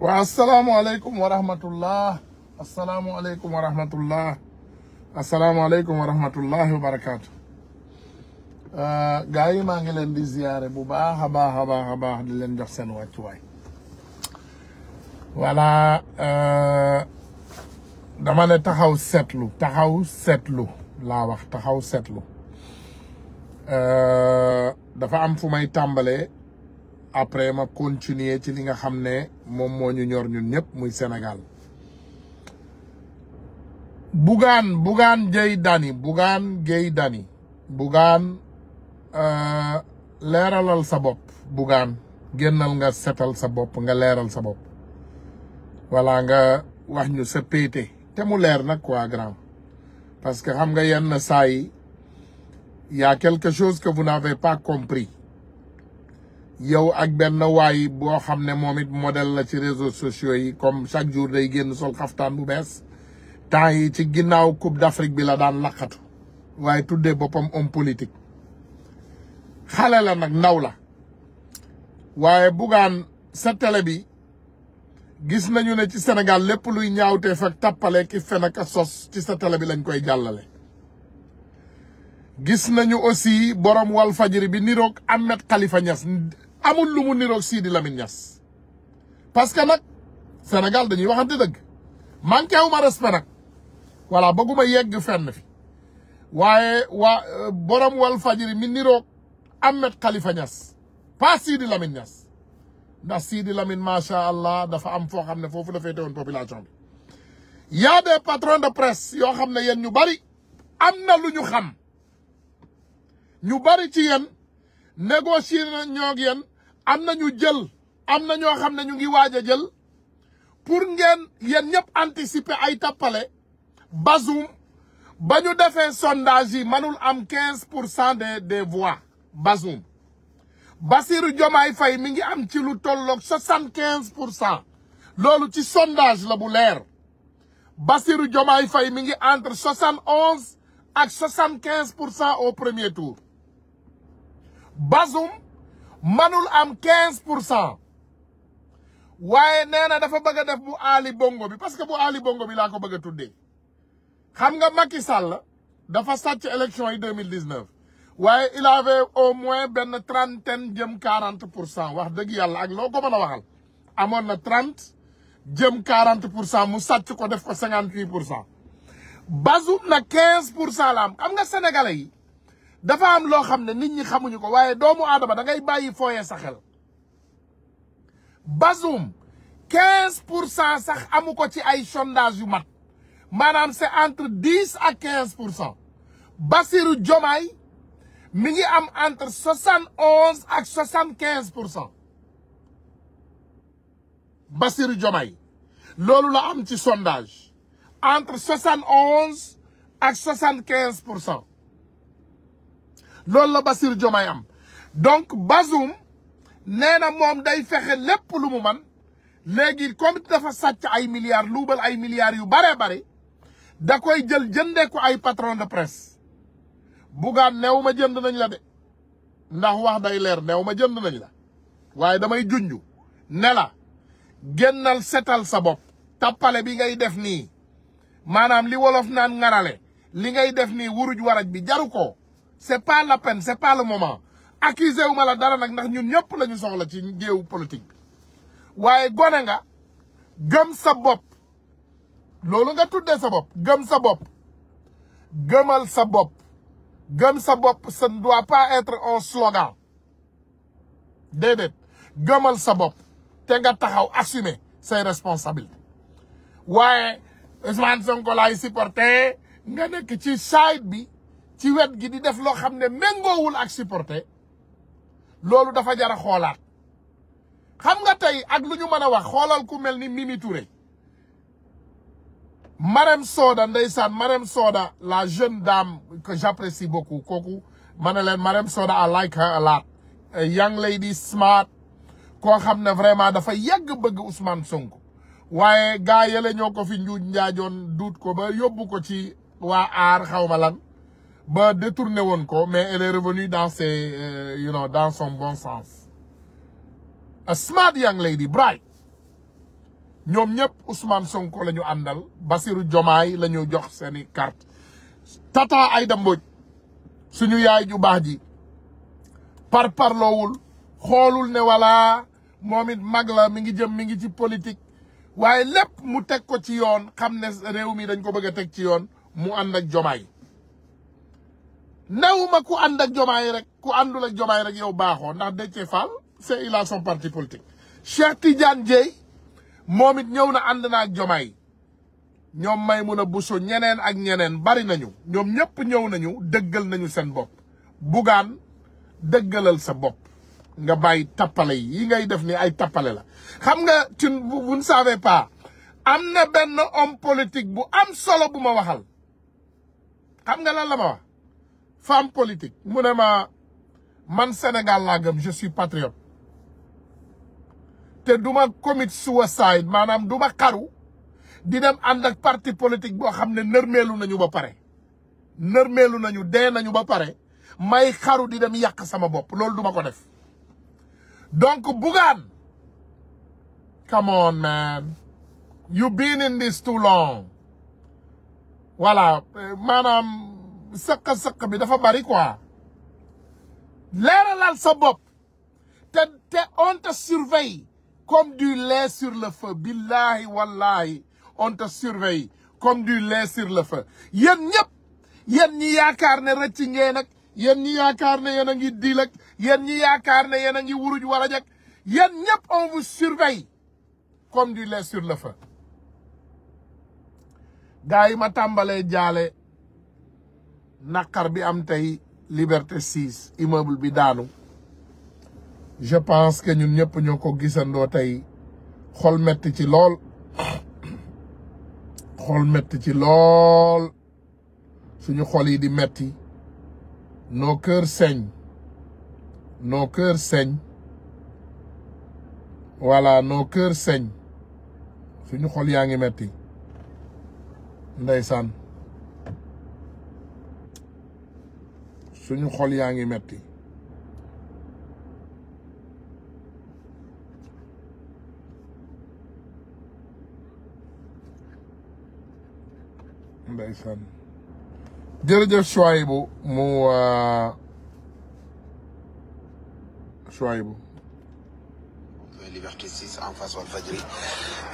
waaw asalaamualeykum wa rahmatullah asalaamualeykum wa rahmatullah asalaamualeykum wa rahmatullahi wa barakaatu uh, gaa yi maa ngi leen di ziyaare bu baax a baax di leen jox seen wàccuwaay voilà uh, dama ne taxaw seetlu taxaw seetlu laa wax taxaw seetlu uh, dafa am fu may tàmbalee après ma continuer ci li nga xam ne moom moo ñu ñor ñun ñëpp muy Sénégal Bougane Bougane Gueye Dany Bougane Gueye Dany Bougane euh, leeralal sa bopp Bougane génnal nga setal sa bopp nga leeral sa bopp wala nga wax ñu sa pété te mu leer nag quoi grand parce que xam nga yenn saa ya quelque chose que vous n'avez pas compris yow ak benn waay boo xam ne moom it model la ci réseaux sociaux yi comme chaque jour day génn sol xaftaan bu bees temps yi ci ginnaaw coupe d'Afrique bi la daan laqatu waaye tuddee boppam homme politique xale la nag ndaw la waaye bugaan sa télé bi gis nañu ne ci senegal lépp luy ñaawtee fak tappale ki fen ak sos ci sa télé bi lañ koy jàllale gis nañu aussi borom Walfadjri bi niroog Ahmed Khalifa ñas amul lu mu niroog Sidi Lamine Niass parce que nag Sénégal dañuy waxante dëgg manqué wu ma respect nag voilà bëgguma yegg na fi waaye wa euh, borom wal fajiri mi niroog Ahmed Khalifa Niass pas Sidi Lamine Niass ndax Sidi Lamine macha allah dafa am foo xam ne foofu la féetewoon population bi y a des patrons de presse yoo xam ne yéen ñu bari am na lu ñu xam ñu bari ci yéen négocier na ñoog yéen am nañu jël am na ñoo xam ne ñu ngi waaj a jël pour ngeen yen ñëpp anticiper ay tappale Bazoum bañu ñu defee sondage yi mënul am quinze pour cent des des voix Bazoum Bassirou Diomaye Faye mi ngi am ci lu tolloog soixante quinze pour cent loolu ci sondage la bu leer Bassirou Diomaye fay mi ngi entre soixante onze ak soixante quinze pour cent au premier tour Bazoum manul am 15 pour cent waaye nee na dafa bëgg a def bu Ali Bongo bi parce que bu Ali Bongo bi laa ko bëgg a tuddee xam nga Macky Sall dafa sàcc élection yi 2019 waaye il avait au moins benn trentaine jëm 40 pour cent wax dëgg yàlla ak loo ko mën a waxal amoon na 30 jëm 40 pour cent mu sàcc ko def ko 58 pour cent Bazoum na 15 pour cent la am xam nga sénégalais yi. dafa am loo xam ne nit ñi xamuñu ko waaye doomu aadama da ngay bàyyi fooyee sa xel Bazoum quinze pour cent sax amu ko ci ay sondage yu mag maanaam c'est entre dix ak quinze pour cent Bassirou Diomaye mi ngi am entre soixante onze ak soixante quinze pour cent Bassirou Diomaye loolu la am ci sondage entre soixante onze ak soixante quinze pour cent loolu la Bassirou Diomaye am donc Bazoum nee na moom day fexe lépp lu mu man léegi comme dafa sàcc ay milliards luubal ay milliards yu bare bare da koy jël jënde ko ay patron de presse bugaan neew ma jënd nañ la de ndax wax day leer neew ma jënd nañ la waaye damay junju ne la génnal setal sa bopp tappale bi ngay def nii maanaam li wolof naan ngarale li ngay def nii wuruj waraj bi jaru ko c'est pas la peine c'est pas le moment accusé wu ma la dara nag ndax ñun ñëpp la ñu soxla ci géewu politique waaye gone nga gëm sa bopp loolu nga tuddee sa bopp gëm sa bopp gëmal sa bopp gëm sa bopp ça ne doit pas être un slogan déedéet gëmal sa bopp te nga taxaw assumer say responsabilités waaye Ousmane Sonko laay supporter nga nekk ci side bi ci wet gi di def loo xam ne méngoowul ak supporter loolu dafa jar a xoolaat xam nga tey ak lu ñu mën a wax xoolal ku mel ni Mimi Touré Marème Soda ndeysaan Marème Soda la jeune dame que si bokku kooku ma ne leen Marème Soda I like a lot a young lady smart koo xam ne vraiment dafa yàgg bëgg Ousmane Sonko waaye gaa yële ñoo ko fi njuuj njaajoon duut ko ba yóbbu ko ci waa aar xawma ma lan ba détourné woon ko mais elle est dans ses euh, you know dans son bon sens a smart young lady bright ñoom ñëpp Ousmane Sonko la ñu àndal Basirou Diomaye la ñu jox seeni carte Tata Aïda Mbodj suñu yaay ju baax ji par parloowul xoolul ne wala moom it mag la mi ngi jëm mi ngi ci politique waaye lépp mu teg ko ci yoon xam ne réew mi dañ ko bëgg a teg ci yoon mu ànd ak Diomaye néew ma ku ànd ak jomaay rek ku àndul ak jomaay rek yow baaxoo ndax Déthié Fall c'est il a son parti politique Cheikh Tidiane Dieye moom it ñëw na ànd na ak jomaay ñoom Maimouna buso ñeneen ak ñeneen bari nañu ñoom ñëpp ñëw nañu dëggal nañu seen bopp bugaan dëggalal sa bopp nga bàyyi tappale yi yi ngay def ni ay tappale la xam nga tun vous ne savez pas am na benn homme politique bu am solo bu ma waxal xam nga lan la ma wax femme politique mu ne ma man Sénégal laa gëm je te du ma commit suicide maanaam duma karu xaru di dem ànd ak parti politique boo xam ne nërmeelu nañu ba pare nërmeelu nañu dee nañu ba pare may xaru di dem yàq sama bopp loolu duma ko def donc Bougane come on man you been in this too euh, maanaam sëq-sëq bi dafa bari quoi leeralal sa bopp te te on te surveille comme du lait sur le feu billahi wallahi on te comme du lait sur le feu yéen ñëpp ñi yaakaar ne rëcc ngeen ak yéen ñi yaakaar ne yéen a ngi diil yéen ñi yaakaar ne yéen a ngi wuruj wala jak yéen ñëpp on vous surveille comme du lait sur le feu gars yi ma tàmbalee jaale naqar bi am tey Liberté 6 immeuble bi daanu je pense que ñun ñëpp ñoo ko gisandoo tey xol metti ci lool xol metti ci lool suñu xol yi di metti nos cœurs saignent nos cœurs saignent voilà nos cœurs saignent suñu xol yaa ngi metti ndeysaan suñu xol yaa ngi metti ndeysaan jërëjëf Chouaïbou mu euh, Chouaïbou Liberté 6 en face Walfadjri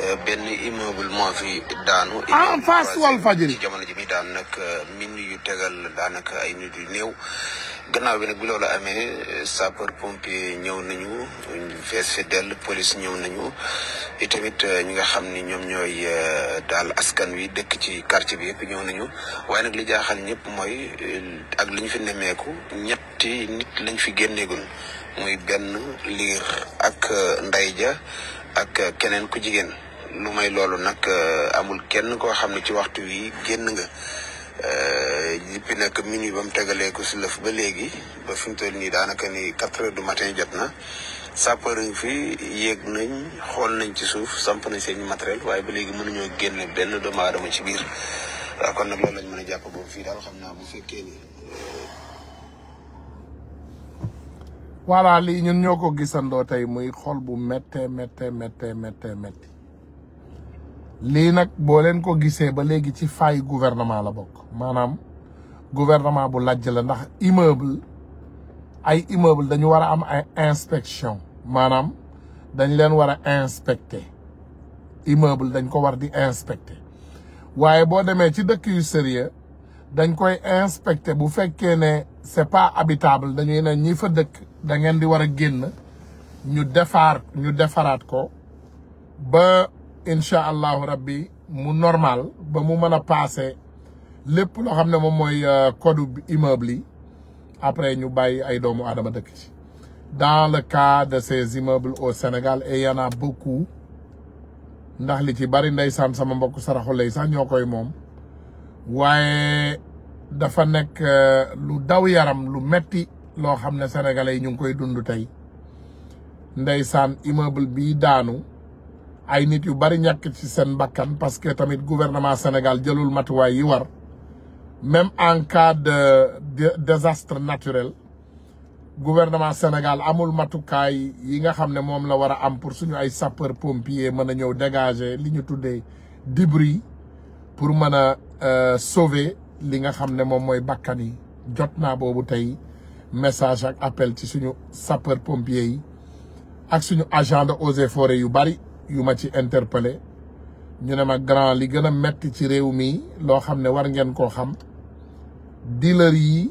euh, benn immeuble moo fi daanu. en face Walfadjri jamono ji muy daan nag euh, min yu tegal daanaka ay nit yu néew. gannaaw bi nag bi la amee euh, sapor pompier ñëw nañu fees fi dell police ñëw nañu itamit ñi nga xam ni ñoom ñooy daal askan wi dëkk ci quartier bi yëpp ñëw nañu waaye nag li jaaxal ñëpp mooy ak li ñu fi nemmeeku ñetti nit lañ fi génneegul. muy benn liir ak euh, ndey ja ak euh, keneen ku jigéen lu may loolu nag euh, amul kenn koo xam ne ci waxtu wi génn nga jippi nag minuit ba mu tegalee ko si lëf ba léegi ba fi mu toll nii daanaka ni quatre heures du matin jot na sapeur ngi fi yéeg nañ xool nañ ci suuf samp nañ seen matériel waaye ba léegi mën mënuñoo génn benn doomu aadama ci biir kon nag loolu lañ mën a jàpp boobu fii daal xam naa bu fekkee ni voilà lii ñun ñoo ko gisandoo tey muy xol bu méttee méttee méttee méttee lii nag boo leen ko gisee ba léegi ci faay gouvernement la bokk maanaam gouvernement bu lajj la ndax immeuble ay immeuble dañu war a am ay inspection maanaam dañ leen war a inspecter immeuble dañ ko war di inspecter waaye boo demee ci dëkk yu sérieux dañ koy inspecter bu fekkee ne c'est pas habitable dañuy ne ñi fa dëkk da ngeen di war a génn ñu defar ñu defaraat ko ba incha allahu rabbi mu normal ba mu mën a passé lépp loo xam ne moom mooy euh, code immeuble yi après ñu bàyyi ay doomu adama dëkk ci dans le cas de ces immeubles au Sénégal et y en a ndax li ci bari ndeysaan sama mbokk saraxu lay sax ñoo koy moom waaye dafa nekk euh, lu daw yaram lu metti loo xam ne sénégalais yi ñu ngi koy dund tey ndeysaan immeuble bi daanu ay nit yu bari ñàkk si seen bakkan parce que tamit gouvernement Sénégal jëlul matuwaay yi war même en cas de désastre naturel gouvernement Sénégal amul matukaay yi nga xam ne moom la war a am pour suñu ay sapeur pompier mën a ñëw dégagé li ñu tuddee débris pour mën a euh, sauver li nga xam ne moom mooy bakkan yi jot naa boobu tey message ak appel ci suñu sapeur pompier yi ak suñu agent de eaux et yu bari yu ma ci interpellé ñu ne ma grand li gën a metti ci réew mi loo xam ne war ngeen koo xam dealer yi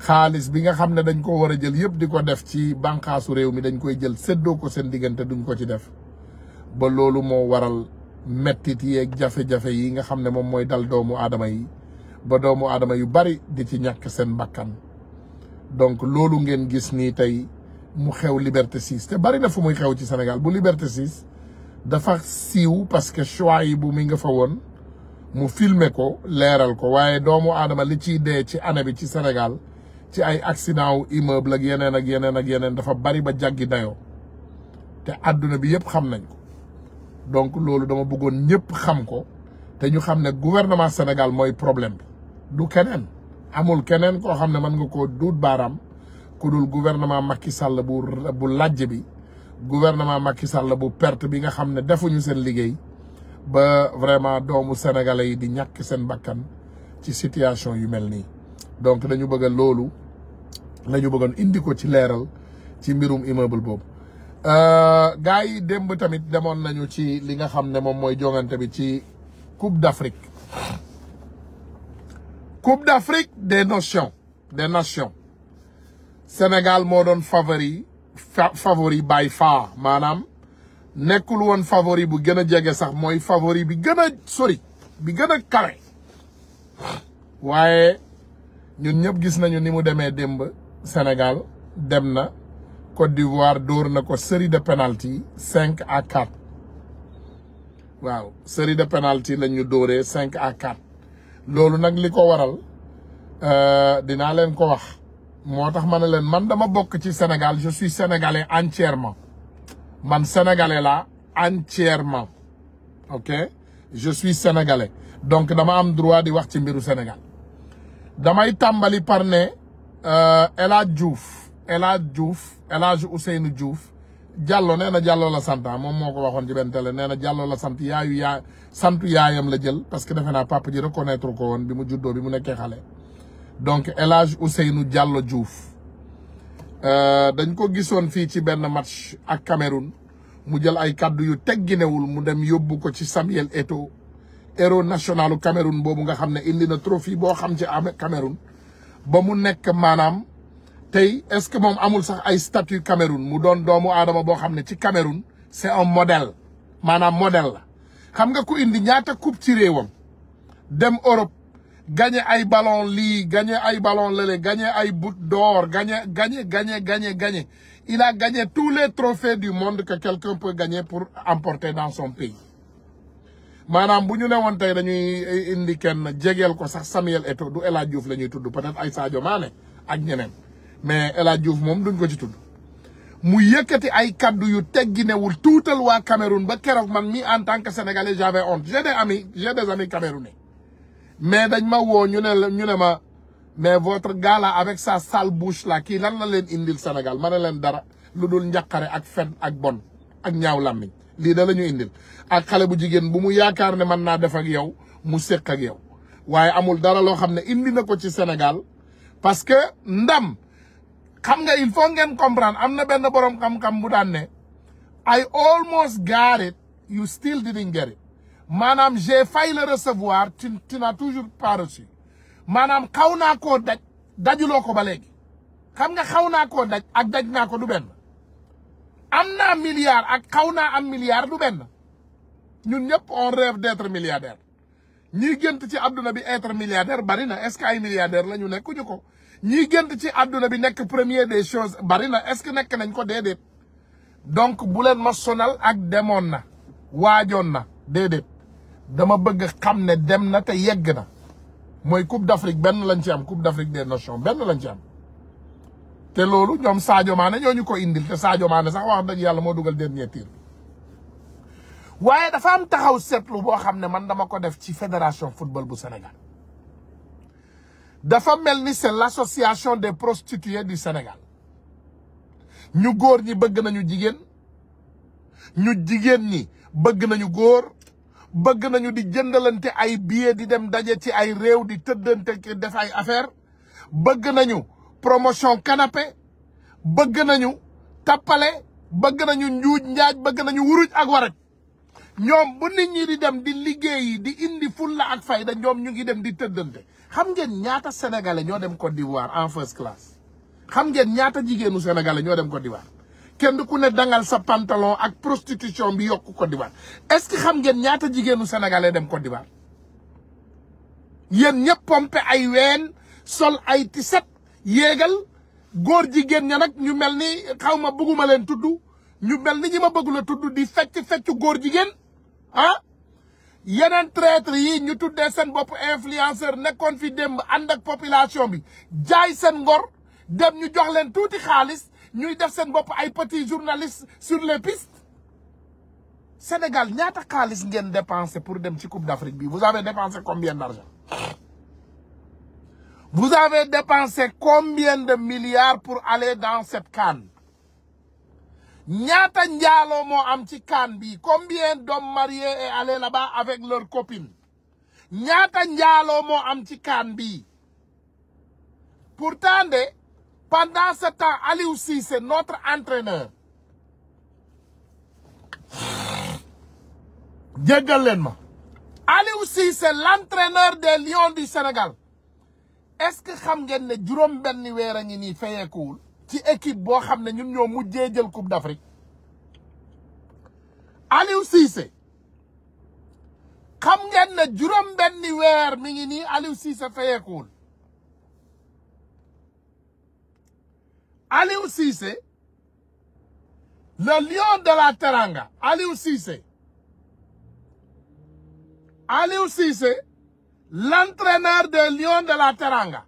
xaalis bi nga xam ne dañ ko war a jël yëpp di ko def ci bànqaasu réew mi dañ koy jël séddoo ko seen diggante duñ ko ci def ba loolu moo waral mettit yeeg jafe-jafe yi nga xam ne moom mooy dal doomu aadama yi ba doomu aadama yu bari di ci ñàkk seen bakkan donc loolu ngeen gis nii tey mu xew Liberté 6 te bari na fu muy xew ci senegal bu Liberté 6 dafa siiw parce que choix yi bu mi nga fa woon mu filmer ko leeral ko waaye doomu aadama li ciy dee ci année bi ci Sénégal ci ay accident wu immeuble ak yeneen ak yeneen ak yeneen dafa bari ba jàggi dayoo te àdduna bi yëpp xam nañ ko donc loolu dama bëggoon ñëpp xam ko te ñu xam ne gouvernement Sénégal mooy problème bi du keneen amul keneen koo xam ne mën nga koo duut baaraam ku dul gouvernement Macky Sall bu bu lajj bi gouvernement Macky Sall bu perte bi nga xam ne defuñu seen liggéey ba vraiment doomu sénégalais yi di ñàkk seen bakkan ci situation yu mel nii donc dañu bëgg loolu la ñu bëggoon indi ko ci leeral ci mbirum immeuble boobu euh, gars yi démb tamit demoon nañu ci li nga xam ne moom mooy jongante bi ci Coupe d'Afrique coupe d'Afrique des nations des nations Sénégal moo doon favori favori by far maanaam nekkul woon favori bu gën a jege sax mooy favori bi gën a sori bi gën a kawe waaye ñun ñëpp gis nañu ni mu demee démb Sénégal dem na Côte d'Ivoire dóor na ko série de penalty cinq à quatre waaw série de penalty la ñu dóoree cinq à quatre loolu nag li ko waral euh, dinaa leen ko wax moo tax ma ne leen man dama bokk ci Sénégal je suis sénégalais entièrement man sénégalais laa entièrement ok je suis sénégalais donc dama am droit di wax ci mbiru Sénégal damay tàmbali par ne euh, El Hadj Diouf El Hadj Diouf El Hadj Diallo nee na Diallo la sant ah, moom moo ko waxoon ci benn télé nee na Diallo sant yaayu yaa santu yaayam la jël parce que defe naa papa ji reconnaître ko woon bi mu juddoo bi mu nekkee xale. donc El Hadj Ousseynou Diallo Diouf euh, dañ ko gisoon fii ci benn match ak Cameroun mu jël ay kaddu yu tegginewul mu dem yóbbu ko ci Samuel Eto'o héros nationalu Cameroun boobu nga xam ne indi na trophée boo xam ci Cameroun ba mu nekk maanaam. tey est-ce que moom amul sax ay statut Cameroun mu doon doomu aadama boo xam ne ci Cameroun c'est un modèle maanaam modèle la xam nga ku indi ñaata coupe ci réewam dem Europe gagné ay ballon li gagné ay ballon lële gagné ay bout d'or gagné gagné gagné gagné gagné il a gagné tous les trophées du monde que quelqu'un peut gagner pour emporter dans son pays maanaam bu ñu ne woon tey dañuy indi kenn jegeel ko sax Samuel Eto'o du El Hadj Diouf la ñuy tudd peut-être ay Sadio maane ak ñeneen mais El Hadj Diouf moom duñ ko ci tudd mu yëkkati ay kaddu yu tegginewul tuutal waa Cameroun ba keroog man mi en tant que sénégalais j'avais honte j'ai des amis j'ai des amis camerounais mais dañ ma woo ñu ne ñu ne ma mais votre gars là avec sa sale bouche là kii lan la leen indil Sénégal ma leen dara lu dul njaqare ak fen ak bon ak ñaaw làmmiñ lii da la indil ak xale bu jigéen bu mu yaakaar ne mën naa def ak yow mu séq ak yow waaye amul dara loo xam ne indi na ko ci Sénégal parce que ndam xam nga il faut ngeen comprendre am na benn borom xam-xam bu daan ne I almost got it you still didn't get it maanaam j'ai fay le recevoir tu tu n'as toujours pas reçu maanaam xaw naa ko daj dajuloo ko ba léegi xam nga xaw naa ko daj ak daj naa ko du benn am naa milliard ak xaw naa am milliard du benn ñun ñëpp on rêve d'être milliardaire ñii gént ci adduna bi être milliardaire bari na est-ce que ay milliardaire la ñu nekkuñu ko ñi gént ci àdduna bi nekk premier des choses bari na est-ce que nekk nañ ko déedéet donc bu leen ma sonal ak demoon na waajoon na déedéet dama bëgg xam ne dem na te yegg na mooy coupe d'Afrique benn lañ ci am coupe d'Afrique des nations benn lañ ci am te loolu ñoom Sadio Mané ñoo ñu ko indil te Sadio Mané sax wax dëgg yàlla moo dugal dernier tir waaye dafa am taxaw seetlu boo xam ne man dama ko def ci fédération football bu Sénégal dafa mel ni c'est l'association des prostituées du Sénégal ñu góor ñi bëgg nañu jigéen ñu jigéen ñi bëgg nañu góor bëgg nañu di jëndalante ay billets di dem daje ci ay réew di tëddante def ay affaire bëgg nañu promotion canapé bëgg nañu tappale bëgg nañu njuuj njaaj bëgg nañu wuruj ak waraj ñoom bu nit ñi di dem di liggéey di indi fulla ak fayda ñoom ñu ngi dem di tëddante xam ngeen ñaata sénégalais ñoo dem Côte d'Ivoire en first class xam ngeen ñaata jigéenu sénégalais ñoo dem Côte d'Ivoire kenn ku ne dangal sa pantalon ak prostitution bi yokk Côte d'Ivoire est-ce que xam ngeen ñaata jigéenu sénégalais dem Côte d'Ivoire yéen ñëpp pompe ay ween sol ay tiset yéegal góor jigéen ña nag ñu mel ni xaw ma bëgguma leen tudd ñu mel ni ñi ma bëgg la tudd di fecc fecc góor jigéen ah yeneen traître yi ñu tuddee seen bopp influenceur nekkoon fi démb ànd ak population bi jaay seen ngor dem ñu jox tuuti xaalis ñuy def seen bopp ay petits journalistes sur le pistes Sénégal ñaata kaalis ngeen dépensé pour dem ci Coupe d'Afrique bi vous avez dépensé combien d'argent vous avez dépensé combien de milliards pour aller dans cette CAN ñaata njaaloo moo am ci kaan bi combien d'hommes mariés est allé là avec leur copine ñaata njaaloo moo am ci kaan bi pourtant de pendant ce temps Aliou Cissé notre entraîneur jéggal leen ma Aliou Cissé l'entraîneur des Lions du Sénégal est-ce que xam ngeen ne juróom benn weer a ngi nii fayeekuwul ci équipe boo xam ne ñun ñoo mujjee jël coupe d'Afrique Aliou Cissé xam ngeen ne juróom benni weer mi ngi nii Aliou Cissé fayekuwul Aliou Cissé le lion de la Teranga Aliou Cissé Aliou Cissé l'entraîneur des lions de la Teranga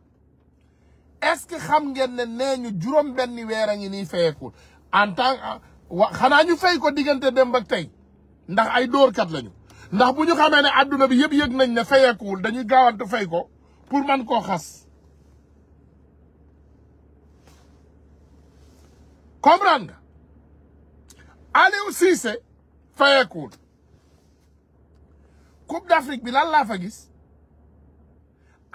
est-ce que xam ngeen ne nee ñu juróom benni weer a ngi nii fayekul en tant wa xanaa ñu fay ko diggante dem ba tey ndax ay dóorkat lañu ndax bu ñu xamee ne adduna bi yëpp yëg nañ ne fayekuwul dañuy gaawantu fay ko pour man koo xas comprendre nga Aliou Cissé fayekuwul Coupe bi lan laa fa gis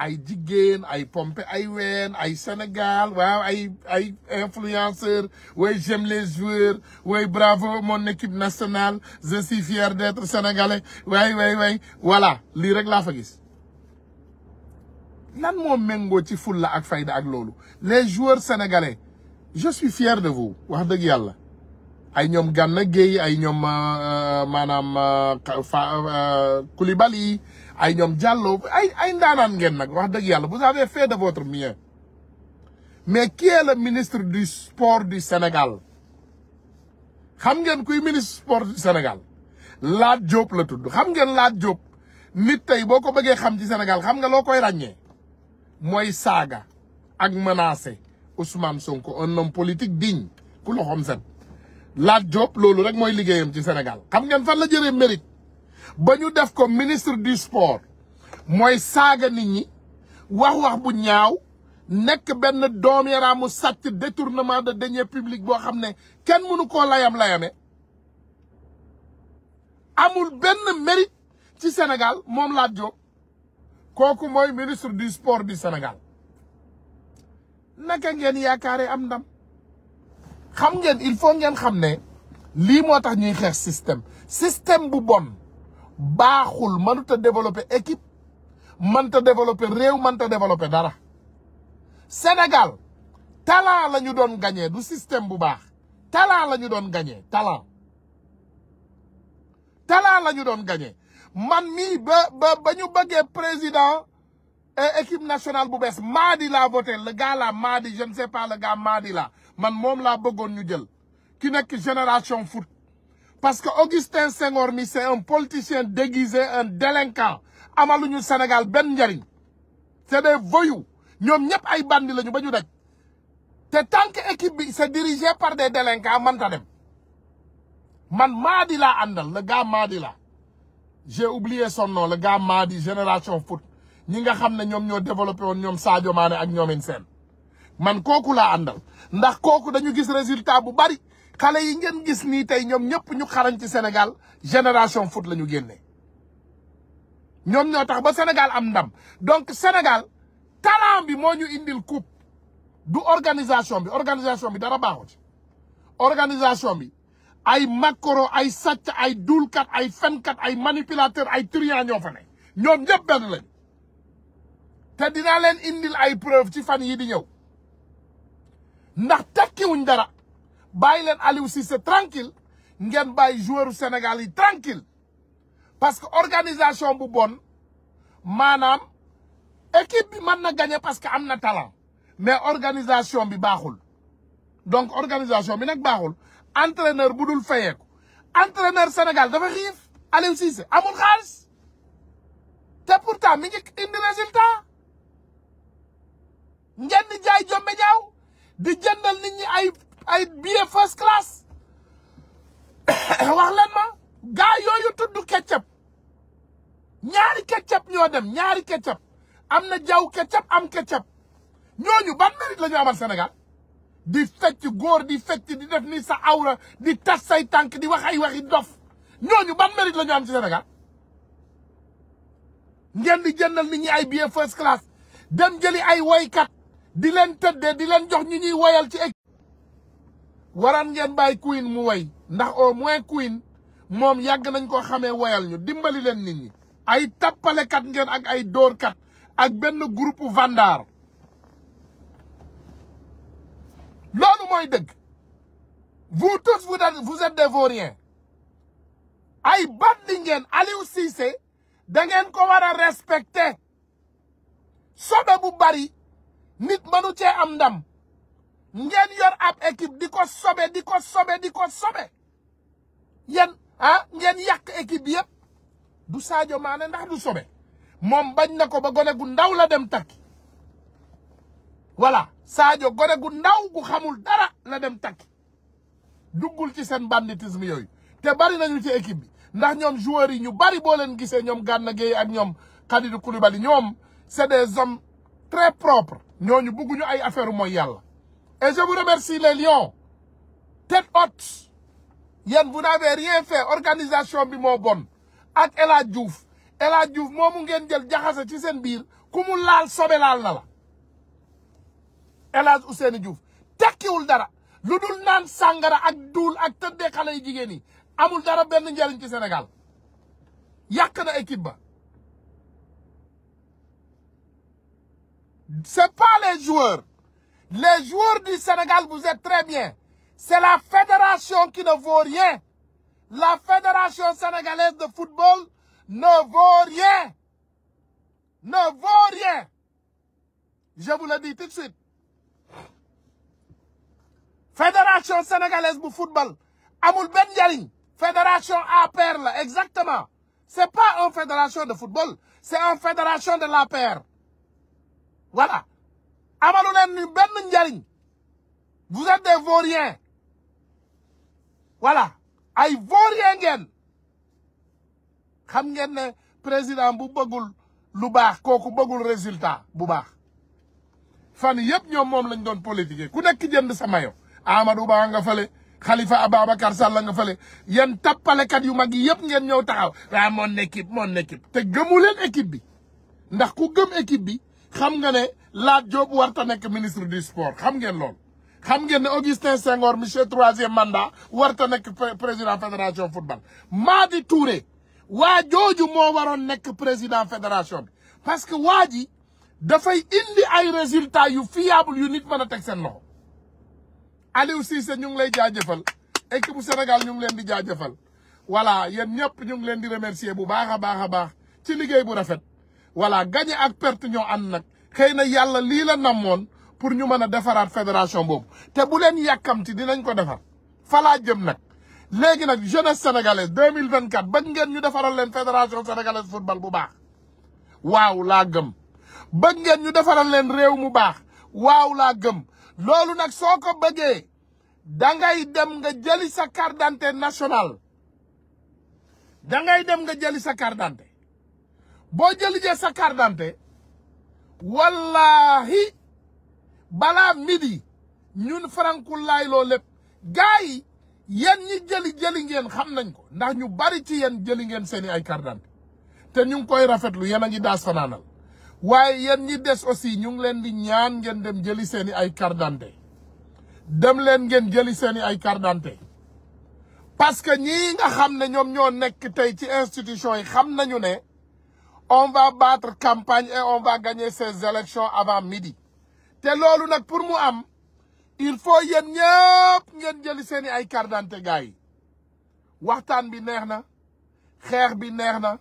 ay jigéen ay pompe ay ween ay Sénégal waaw ay ay influenceur way j'aime les joueurs way bravo mon équipe nationale je suis d'être sénégalais way way way voilà lii rek laa fa gis lan moo méngoo ci fulla ak fayda ak loolu les joueurs sénégalais je suis de vous wax dëgg yàlla ay ñoom Gana Gueye ay ñoom euh, maanaam euh, euh, Koulibaly ay ñoom Diallo ay ay ndaanaan ngeen nag wax dëgg yàlla vous avez fait de votre mieux mais qui est le ministre du sport du Sénégal xam ngeen kuy ministre sport du Sénégal Lat Diop la tudd xam ngeen laat Diop nit tey boo ko bëggee xam ci Sénégal xam nga loo koy ràññee mooy saaga ak menacé Ousmane Sonko un homme politique digne ku loxoom set Lat Diop loolu rek mooy liggéeyam ci Sénégal xam ngeen fan la jëree mérite ba ñu def ko ministre du sport mooy saaga nit ñi wax-wax bu ñaaw nekk benn doom yaraamu sàcc détournement de deniers publics boo xam ne kenn mënu koo layam-layame amul benn mérite ci Sénégal moom Lat kooku mooy ministre du sport du Sénégal naka ngeen yaakaare am ndam xam ngeen il faut ngeen xam ne lii moo tax ñuy xeex système système bu bon baaxul mënut a développer équipe mënta développer réew mënta développer dara Sénégal talent la ñu doon gagné du système bu baax talent la ñu doon gagné talent talent la ñu doon gagné man mi ba ba ba ñu bëggee président équipe nationale bu bees Madi la voté le gala là Madi je ne sais pas le gars Madi la man moom laa bëggoon ñu jël ki nekk génération foot parce que Augustin Senghor mi c'est un politicien déguisé un délinquant amaluñu Sénégal benn njariñ c'est des voyous ñoom ñëpp ay bandi lañu ba ñu daj te tant que équipe bi c'est dirigé par des délinquants man dem man Madi laa àndal la gars Madi la j'ai oublié son nom le gars Madi génération foot ñi nga xam ne ñoom ñoo développé woon ñoom Sadio maane ak ñoomin seen man kooku la àndal ndax kooku dañu gis résultat bu bari xale yi ngeen gis nii tey ñoom ñëpp ñu xarañ ci senegal génération foot la ñu génne ñoom ñoo tax ba senegal am ndam donc Sénégal talent bi moo ñu indil coupe du organisation bi organisation bi dara baaxu ci organisation bi ay makoro ay sàcc ay duulkat ay fenkat ay manipulateur ay truand ñoo fa ne ñoom ñëpp benn lañu te dinaa leen indil ay preuve ci fan yi di ñëw ndax tekkiwuñ dara bàyyi leen Aliou Cissé tranquille ngeen bàyyi joueur Sénégal yi tranquille parce que organisation bu maanaam équipe bi mën na gagné parce que am na talent mais organisation bi baaxul donc organisation bi nag baaxul entraîneur bu dul fayeeku entraîneur Sénégal dafa xiif Aliou Cissé amul xaalis te pourtant mi ngi indi résultat ngeen di jaay jombe jaaw di jëndal nit ñi ay ay billet first class wax leen ma gaa yooyu tudd ketchup ñaari ketchup ñoo dem ñaari ketchup am na jaw ketchup am ketchup ñooñu ban mérite la ñu amal Sénégal di fecc góor di fecc di def ni sa awra di tas say tànk di wax ay waxi dof ñooñu ban mérite la ñu am ci Sénégal ngeen di jëndal nit ñi ay billet first class dem jëli ay woykat di leen tëddee di leen jox ñu ñuy woyal ci waraan ngeen bàyyi Queen mu way ndax au moins Queen moom yàgg nañ ko xamee woyal ñu dimbali leen nit ñi ay tappalekat ngeen ak ay dóorkat ak benn groupe vandar loolu mooy dëgg vous tous vous êtes vous êtes des vauriens ay bandi ngeen Aliou Cissé da ko war a respecter sobe bu bari nit mënu cee am ndam ngeen yor ab équipe di ko sobe di ko sobe di ko sobe yéen ah ngeen yàq équipe bi yëpp du Sadio Mané ndax du sobe moom bañ na ko ba gone gu ndaw la dem takki voilà saajo gone gu ndaw gu xamul dara la dem takki duggul ci seen banditisme yooyu te bari nañu ci équipe bi ndax ñoom joueurs yi ñu bari boo leen gisee ñoom Gana Gueye ak ñoom Kalidou Koulibaly ñoom c'est des hommes très propres ñooñu bugguñu ay affaire mooy yàlla Et je vous remercie les lions. Tête haute. yéen vous organisation bi moo bon ak El Hadj Diouf El Hadj Diouf moomu ngeen jël jaxase ci seen biir ku mu laal sobe laal na la El Hadj Ousseynou Diouf tekkiwul dara lu dul naan sàngara ak duul ak tëddee xale yu jigéen yi amul dara benn njëriñ ci Sénégal yàq na équipe ba les joueurs Les joueurs du Sénégal, vous êtes très bien. C'est la fédération qui ne vaut rien. La fédération sénégalaise de football ne vaut rien. Ne vaut rien. Je vous le dis tout suite. Fédération sénégalaise bu football amul benn njariñ fédération APR la exactement c'est pas une fédération de football c'est une fédération de l'APR voilà amalu leen ni benn njariñ vous êtes des vauriens voilà ay vauriens ngeen xam ngeen ne président bu bëggul lu baax kooku bëggul résultat bu baax fan yëpp ñoom moom lañ doon politiquer ku nekk jënd sa mayo Amadou Ba nga fële Khalifa Ababacar Sall nga fële yéen tappalekat yu mag yi yëpp ngeen ñëw taxaw waaw mon équipe mon équipe te gëmu leen équipe bi ndax ku gëm équipe bi xam nga ne Lat Diop warta nekk ministre du sport xam ngeen lool xam ngeen ne Augustin Senghor monsieur troisième mandat warta nekk président fédération football Madi Touré waa jooju moo waroon nekk président fédération bi parce que waa ji dafay indi ay résultats yu fiable yu nit mën a teg seen loxo Aliou Cissé ñu ngi lay jaajëfal équipe bu Sénégal ñu ngi leen di jaajëfal voilà yéen ñëpp ñu ngi leen di remercier bu baax a baax a baax ci liggéey bu rafet voilà gagné ak perte ñoo nag xëy na yàlla lii la namoon pour ñu mën a defaraat fédération boobu te bu leen yàkkamti dinañ ko defar falaa jëm nag léegi nag jeunesse sénégalaise deux mille vingt quatre bëgg ngeen ñu defaral leen fédération sénégalaise football bu baax waaw laa gëm bëgg ngeen ñu defaral leen réew mu baax waaw laa gëm loolu nag soo ko bëggee dangay dem nga jëli sa carte d'identité nationale dangay dem nga jëli sa carte boo jëli jee sa carte wallaahi balaa midi ñun farankulaay loo lépp gars yi yéen ñi jëli jëli ngeen xam nañ ko ndax ñu bari ci yéen jëli ngeen seeni ay carte te ñu ngi koy rafetlu yéen a ngi daas fanaanal waaye yéen ñi des aussi ñu ngi leen di ñaan ngeen dem jëli seeni ay carte d'identité dem leen ngeen jëli seeni ay carte d'identité parce que ñii nga xam ne ñoom ñoo nekk tey ci institution yi xam nañu ne on va battre campagne et on va gagner ces élections avant midi te loolu nag pour mu am il faut yéen ñëpp ngeen jëli seeni ay carte d'identité waxtaan bi neex na xeex bi neex na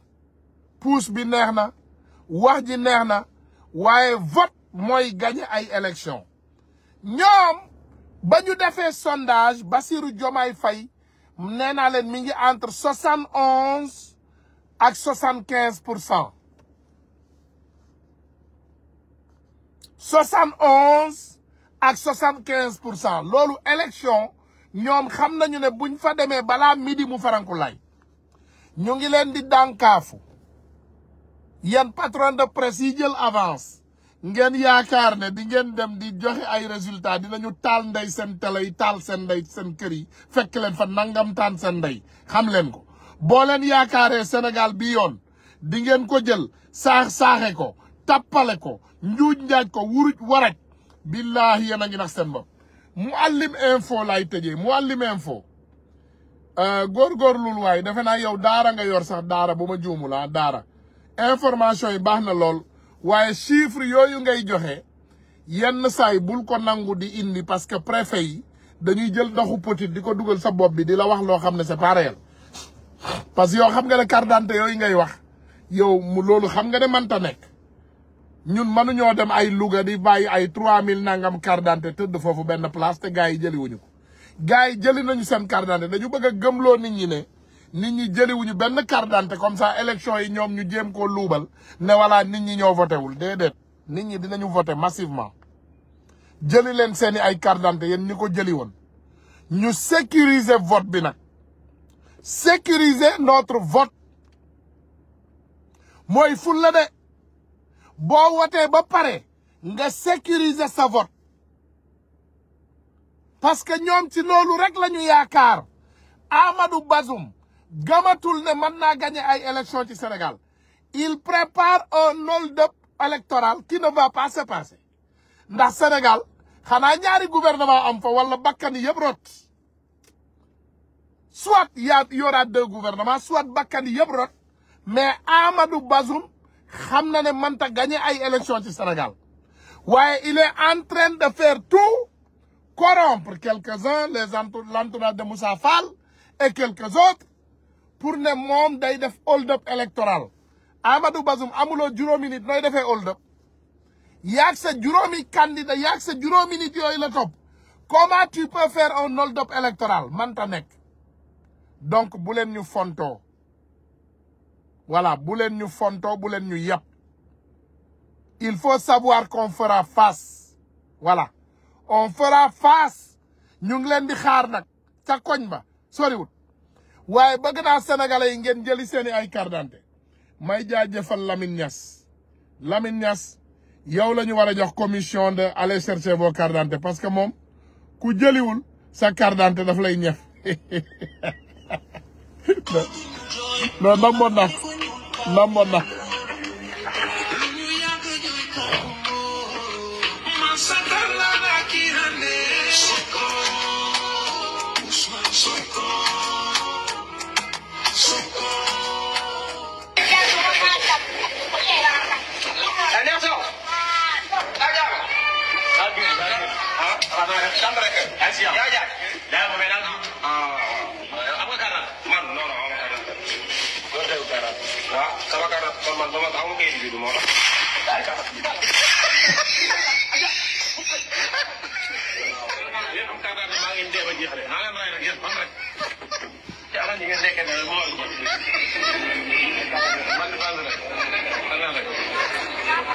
puus bi neex na wax ji neex na waaye vote mooy gagner ay élections ñoom ba ñu defee sondage basiru Diomaye fay nee naa leen mi ngi entre soixante onze ak soixante quinze pour cent 71 ak 75 pour cent loolu élection ñoom xam nañu ne buñ fa demee balaa midi mu faranku lay ñu ngi leen di dànkaafu yéen patron de presse yi jël avance ngeen yaakaar ne di ngeen dem di joxe ay résultats dinañu taal ndey seen télé taal seen ndey seen kër yi fekk leen fa nangam taan seen ndey xam leen ko boo leen yaakaaree Sénégal bi yoon di ngeen ko jël saax saaxe ko tappale ko njuuj njaaj ko wuruj waraj billaahi yéen a ngi nax seen bopp Mouhalim info laay tëjee Mouhalim info euh, góorgóorlul waay defe naa yow daara nga yor sax daara bu ma juumul ah daara information yi baax na lool waaye chiffre yooyu ngay joxe yenn saay bul ko nangu di indi parce que préfet yi dañuy jël doxu petit di ko dugal sa bopp bi di la wax loo xam ne c'est pas réel parce que yow xam nga ne carte d'identité yooyu ngay wax yow mu loolu xam nga de manta nekk ñun mënuñoo dem ay Louga di bàyyi ay 3000 nangam carte d'identité tëdd foofu benn place te gars yi jëliwuñu ko gars yi jëli nañu seen carte d'identité dañu bëgg a gëmloo nit ñi ne nit ñi jëliwuñu benn carte d'identité comme ça élection yi ñoom ñu jéem koo luubal ne voilà nit ñi ñoo voté wul déedéet nit ñi dinañu voté massivement jëli leen seen i ay carte d'identité yéen ñi ko jëli woon ñu sécuriser vote bi nag sécurise notre vote mooy ful de boo wotee ba pare nga sécuriser sa vote parce que ñoom ci loolu rek la ñu yaakaar Amadou Bazoum gamatul ne man naa gagner ay élections ci Sénégal il prépare un hold-up électoral qui ne va pas se ndax Sénégal xanaa ñaari gouvernement am fa wala bakkan yëpp rot soit y a y aura soit bakkan yëpp rot mais Amadou Bazoum xam na ne mënta gañe ay élection ci Sénégal waaye il est en train de faire tout corrompre quelques-uns les entour l'entourage de Moussa Fall et quelques autres pour ne moom day def hold-up électoral Amadou Bazoum amuloo juróomi nit nooy defee hold-up yaag sa juróomi candidat yaag sa juróomi nit yooyu la topp comment tu peux faire un hold-up électoral mënta nekk donc bu leen ñu fontoo voilà buleen ñu fonto bu leen ñu yàpp il faut savoir qu'on fas face voilà on fera fas ñu ngi leen di xaar nag ca koñ ba soriwul waaye bëgg naa sénégalais yi ngeen jëli seeni ay carte d'identité may jaajëfal Lamine Niass Lamine Niass yow la ñu war a jox commission de aller serge boo carte d'identité parce que moom ku jëliwul sa carte d'identité daf lay ñef non damboon naa namoon na Yeah, yeah. man dama aw ma kayit juddu moo tax. yéen am tàggat bi maa ngi leen dee ba jeexale maa leen rey rek yéen man rek ci alal ji ngeen nekkee ne moo man man rek man rek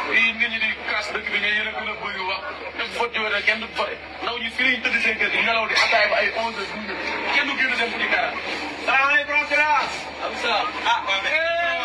fii nit ñi di kaas dëkk bi nga yéen a gën a bëri wax def vote yooyu rek kenn du vote ndaw ñi fii lañ tëdd seen kër di nelaw di ataay ba ay onze heures kenn du génn dem fu ci kara salaamaaleykum salaam. am salaam ah eh,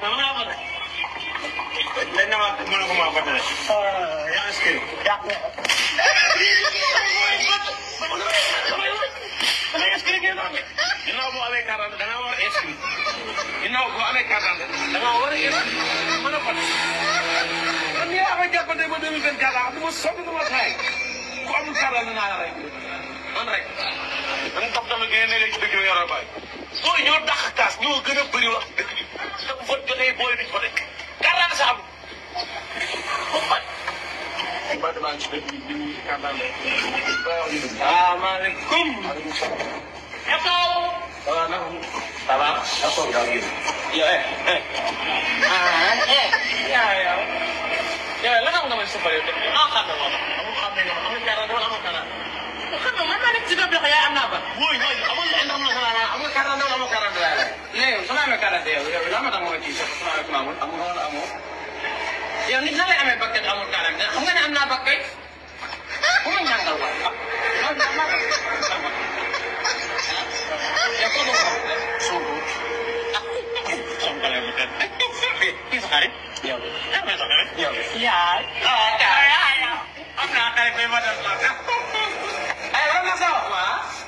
dana maa ko mën a ko maa ko dara. yaa ngi si yàq nga ko. ginnaaw boo amee carte da ngaa war a inscrire ginnaaw boo amee carte da ngaa war a inscrire mën a voté. kon nii yaa ngi koy jàppante ba deux mille vingt quatre ah du ma soppi du ma saay ku amul carte danaa la rey man rek. man dox dama génne léegi dëkk bi yoroo baay. soo ñoo dàq kaas ñoo gën a bëri wax dëkk sa vote jotee booy bi ñu ko nekk. gàllankoor sax amul. moom man. mbaa damaa ci dëkk bi ñu ngi ci kàllaamee. salaamaaleykum. maaleykum salaam. Epo. ça va naka. ça va. d'accord yow. yow eh, eh. ah eh. yow yow. yow lan nga mën si bëri dëkk bi ah xam nga moom. amul xam ne amul dara dama amul dara. xam nga man maa nekk ci dëkk bi yaa am naa ba. mooy mooy amul international karante wala amoo karante laa lay. mais su ma amee karante yow yow lan moo tax ma koy tiisoo su ma amee amul amul wala amul. yow nit na lay amee bakket amul karante xam nga ne am naa bakket bu ma ñàngal waay ah loolu daal maa ngi koy yow kooku moom suuf bu ah xam nga lay mu tëdd kii sa xarit yow yaa ah, ngi sa xarit yow yaa ah, ah yaa am naa xarit bi ma doon wax ah. ay wala sa waaw.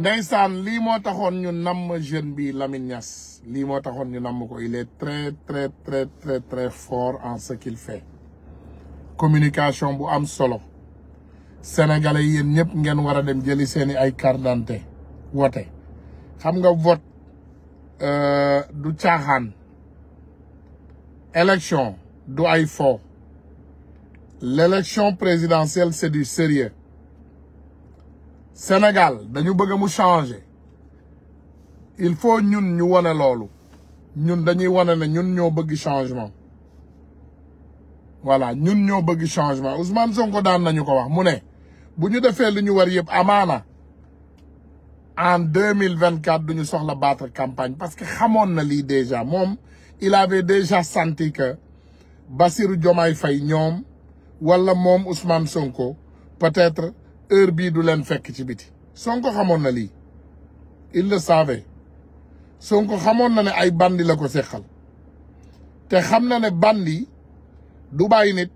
ndeysaan lii moo taxoon ñu namm jeune bi Lamine Niass lii moo taxoon ñu namm ko il est très très très très fort en ce qu'il fait communication bu am solo sénégalais yéen ñëpp ngeen war a dem jëli seeni ay carte d'identité wote xam nga vote euh, du caaxaan élection du ay fo l'élection présidentielle c'est du sérieux Sénégal dañu bëgg mu changer il faut ñun ñu wane loolu ñun dañuy wane ne ñun ñoo bëgg changement voilà ñun ñoo bëgg changement Ousmane Sonko daan nañu ko wax mu ne bu ñu defee lu ñu war yëpp amaana en deux mille vingt quatre du ñu soxla battre campagne parce que xamoon na lii déjà moom il avait déjà senti que Bassirou Diomaye Faye ñoom walla moom Ousmane Sonko peut-être. heure bii du leen fekk ci biti Sonko xamoon na lii il le savait Sonko xamoon na ne ay bandi la ko seqal te xam na ne bandi du bàyyi nit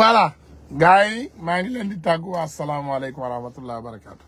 voilà gars yi maa ngi leen di tàggu wa asalaamaaleykum wa rahmatullah wa barakatu